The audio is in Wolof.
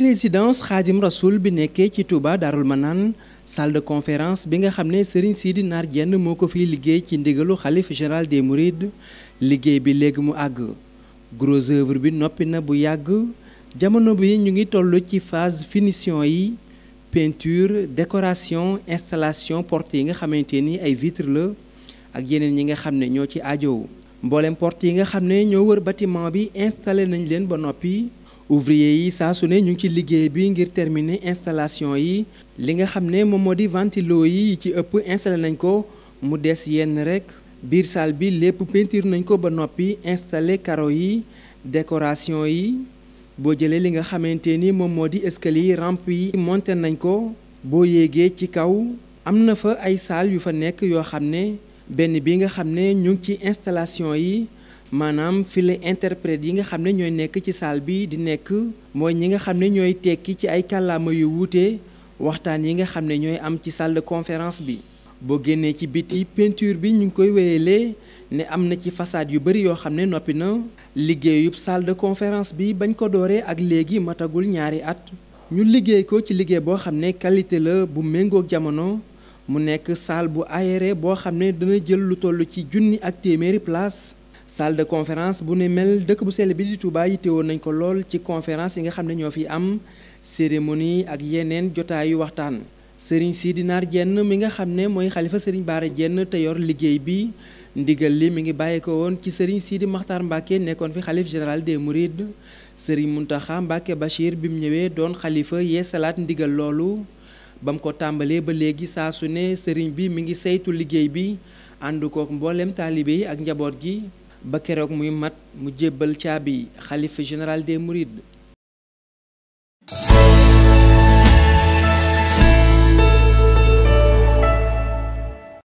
résidence xaadim rasoul bi nekkee ci Touba Darul ma naan de conférence bi nga xam ne sii di Naar jenn moo ko fiy liggéey ci ndigalu xalif général de Mourides liggéey bi léegi mu àgg gros œuvre bi noppi na bu yàgg jamono bi ñu ngi toll ci phase finition yi peinture décoration installation porte yi nga xamante ni ay vitre la ak yeneen yi nga xam ne ñoo ci aajow mboolem porte yi nga xam ne ñoo wër bâtiment bi installé nañ leen ba noppi. ouvrier yi saa su ne ñu ngi ci liggéey bi ngir terminer installation yi li nga xam ne moom moo di ventilo yi ci ëpp installé nañ ko mu des yenn rek biir salle bi lépp peinture nañ ko ba noppi installé carreaux yi décoration yi boo jëlee li nga xamante ni moom moo di escalier rampe yi monté nañ ko boo yéegee ci kaw am na fa ay salle yu fa nekk yoo xam ne benn bi nga xam ne ñu ngi ci installation yi maanaam file la yi nga xam ne ñooy nekk ci salle bi di nekk mooy ñi nga xam ne ñooy tekki ci ay kàllaama yu wuute waxtaan yi nga xam ne ñooy am ci salle de conférence bi boo génnee ci biti peinture bi ñu ngi koy wéyalee ne am na ci façade yu bëri yoo xam ne noppi na liggéeyub salle de conférence bi bañ ko dooree ak léegi matagul ñaari at ñu liggéey ko ci liggéey boo xam ne qualité la bu méngoog jamono mu nekk salle bu aéré boo xam ne dana jël lu toll ci junni ak téeméeri place salle de conférence bu ne mel dëkk bu sell bi di Touba woon nañ ko lool ci conférence yi nga xam ne ñoo fi am cérémonie ak yeneen jotaayu waxtaan sëriñ di Naar Diène mi nga xam ne mooy xalifa sëriñ Baara Diène te yor liggéey bi ndigal li mi ngi bàyyi ko woon ci sëriñ Sidi Maxtaar Mbacke nekkoon fi xalif général des Mourides sëriñ Muntaxa Mbacke Bachir bi mu ñëwee doon xalifa yee salaat ndigal loolu bam ko tàmbalee ba léegi saasu su ne sëriñ bi mi ngi saytu liggéey bi ànd kook mbooleem taalibe yi ak njaboot gi ba keroog muy mat mu jébbal caabi xalifa général des mourides